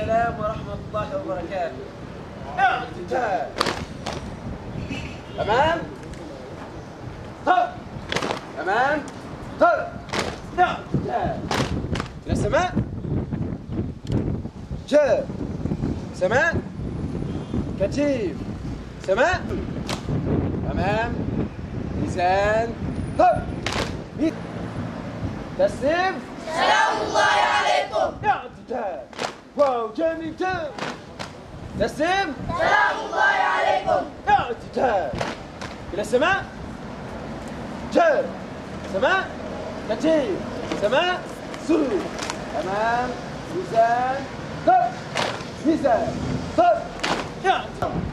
السلام ورحمة الله وبركاته اعتدال تمام طب تمام طب اعتدال إلى السماء جاء سماء كتيب سماء تمام ميزان طب تسليم سلام الله عليكم اعتدال واو جميل تام تسليم سلام الله عليكم اعتتاب إلى السماء جر سماء تجيب سماء سر أمام ميزان طب ميزان طب اعتتاب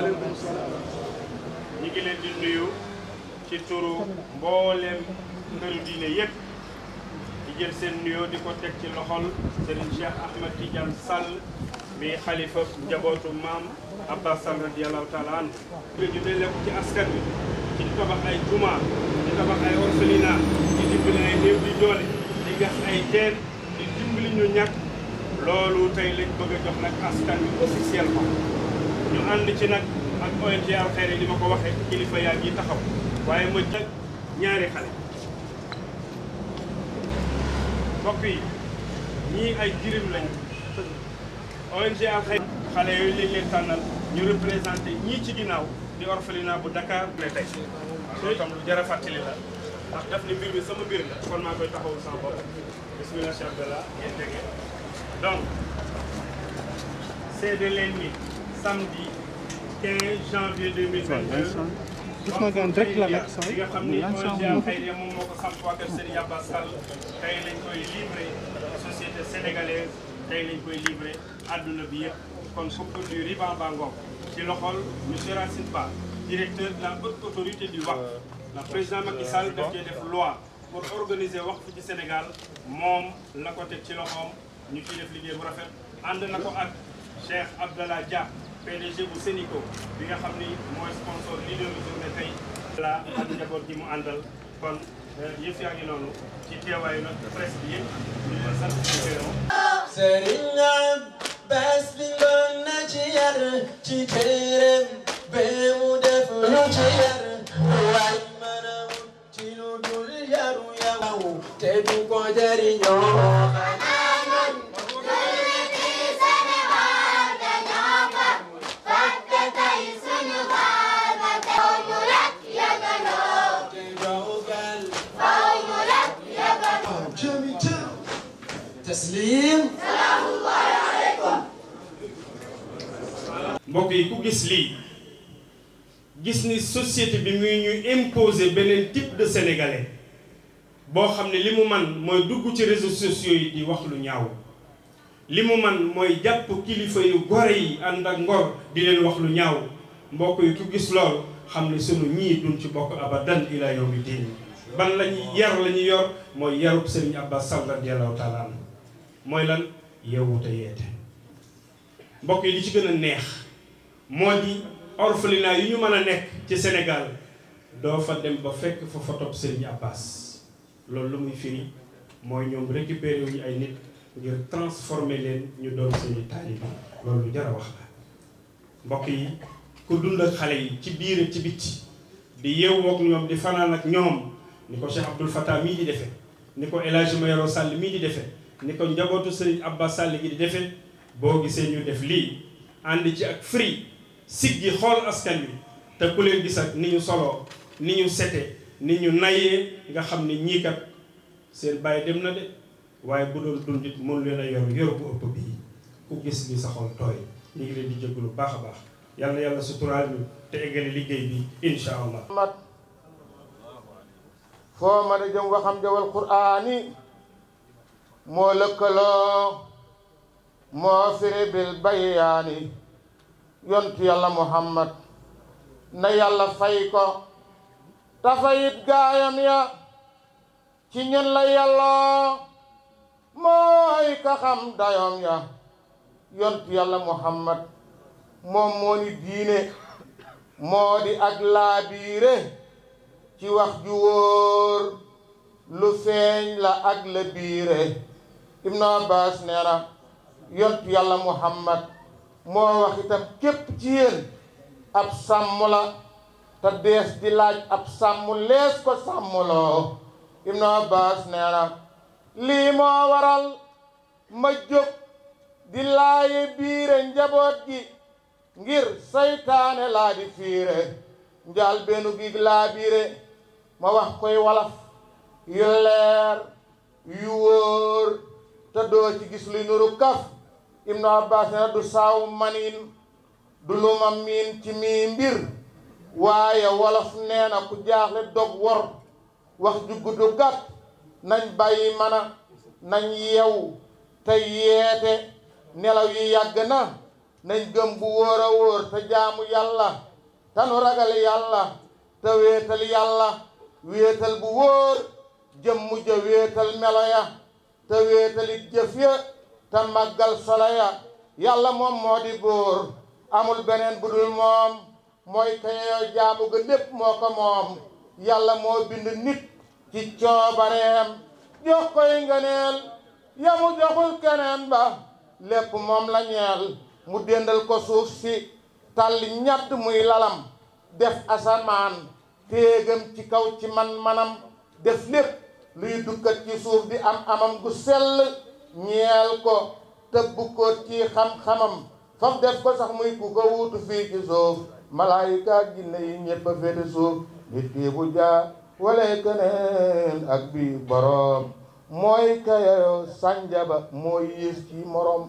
waaleykum salaam leen di nuyu ci turu mboolem këru diine yëpp di jël seen nuyoo di ko teg ci loxol Serigne Cheikh Ahmed Tidiane Sall mi xalifa njabootu maam Abbas Sall radiyallahu taala anhu ñu delloo ko ci askan wi ci di tabax ay juma di tabax ay orphelinat di dimbali ay néew di doole di gas ay teen di dimbali ñu ñàkk loolu tey lañ bëgg jox nag askan wi officiellement ñu ànd ci nag ak ONG Al li ma ko waxee kilifa yaa ngi taxaw waaye ma jël ñaari xale mbokk ñii ay jirim lañu ONG Al xale yooyu lañ leen tànnal ñu représenté ñii ci ginnaaw di orphelinat bu Dakar ne tey loolu tam lu jar a fàttali la ndax daf ni mbir mi sama mbir la kon maa koy taxawul sama bopp donc seede leen samedi 15 janvier 2022. gis naa gën nga xam ni ONG Xayriya moom moo ko xam waa kër Serigne Sall tey lañ koy livré société sénégalaise tey lañ koy livré àdduna bi yëpp kon coupe du ruban Bango ci loxol monsieur Racine Ba directeur de la haute autorité du Waqf euh, la président Macky Sall euh, daf cee def loi pour organiser Waqf ci Sénégal moom la ko teg ci loxoom ñu ciy def liggéey bu rafet ànd na ko ak Cheikh Abdallah Dia. PDG bu Sénico bi nga xam ni mooy sponsor leader bi journée tey la mu àndal kon euh, yëf yaa ngi noonu ci teewaayu nag presse bi yëpp ñu ngi sant di gërëm. Serigne Abass bi na ci yar ci téereem bee mu def lu ci yar waay maanaam ci lu dul yaru yaw te du ko jëriñoo mbokk yi ku gis lii gis ni société bi muy ñu imposer beneen type de sénégalais boo xam ne li mu man mooy dugg ci réseaux sociaux yi di wax lu ñaaw li mu man mooy jàpp kilifa yu gore yi ànd ak ngor di leen wax lu ñaaw mbokk yi ku gis lool xam ne sunu ñii duñ ci bokk abadan ila yawmi diin ban lañuy yar la yor mooy yarub Serigne Abbas Sall radiyallahu taala mooy lan yeewu te yeete mbokk yi li ci gën a neex moo di orphelinat yu ñu mën a nekk ci Sénégal doo fa dem ba fekk fa photo Serigne Abbas loolu lu muy firi mooy ñoom récupéré wuñu ay nit ngir transformer leen ñu doon seeni taalibe loolu lu la mbokk yi ku dund ak xale yi ci biir ci bitti di yeewoo ak ñoom di fanaan ak ñoom ni ko Cheikh Abdoul Fattah mii di defee ni ko El Hadji Sall mii di defee ni ko njabootu sëriñ Abba Sall gi di defee boo gisee ñu def lii ànd ci ak fri sig gi xool askan wi te ku leen gis ak ni ñu soloo ni ñu sete ni ñu nayee nga xam ne ñii kat seen bàyyi dem na de waaye bu doon dundit mën leen a yor yor bu ëpp bii ku gis li sa xol tooy ñu ngi leen di jéggalu baax a baax yàlla yàlla suturaal te eggale liggéey bi incha allah. foo mën a jëm waxam jawal quraani moo lëkkaloo moo firi bil bayaani yàlla muhammad na yàlla fay ko tafayit gaayam ya ci ñun la yàlloo mooy ka xam dayoom ya yontu yàlla muhammad moom moo ni diine moo di ak laabiire ci wax ju wóor lu feeñ la ak la biire ibnu abbas nee na yont yàlla muhammad moo wax itam képp ab sàmm la te dees di laaj ab sàmm lees ko sàmmloo ibnu abbas nee lii moo waral ma jóg di laaye biire njaboot gi ngir saytaane laa di fiire njaal beenu gi laa ma wax koy walaf yu leer yu te doo ci gis luy nuru kaf ibnu abbas ne na du saaw maniin du lu miin ci mii mbir waaye wolof nee na ku jaaxle dog wor wax ju gudd gàtt nañ bàyyi mana nañ yew te yeete nelaw yi yàgg na nañ gëm bu wóor wóor te jaamu yàlla te nu ragal yàlla te wéetal yàlla wéetal bu wóor jëmm ja wéetal melo ya te wéetalit jëf ya te màggal solo ya moom moo di buur amul beneen bu moom mooy kañeyoo jaamu ga lépp moo ko moom yàlla moo bind nit ci coobareem jox koy ngëneel yamu joxul keneen ba lépp moom la mu déndal ko suuf si tàlli ñatt muy lalam def asamaan téegam ci kaw ci man manam def lépp luy dukkat ci suuf di am amam gu sell ñeel ko tëbb ko ci xam-xamam fam def ko sax muy ku ko wuutu fii ci suuf malaayika ak jinne yi ñëpp a féete suuf nit kii bu jaa walee keneen ak bii boroom mooy kayo sànjaba mooy yées ci moroom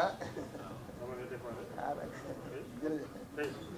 ah. Ah.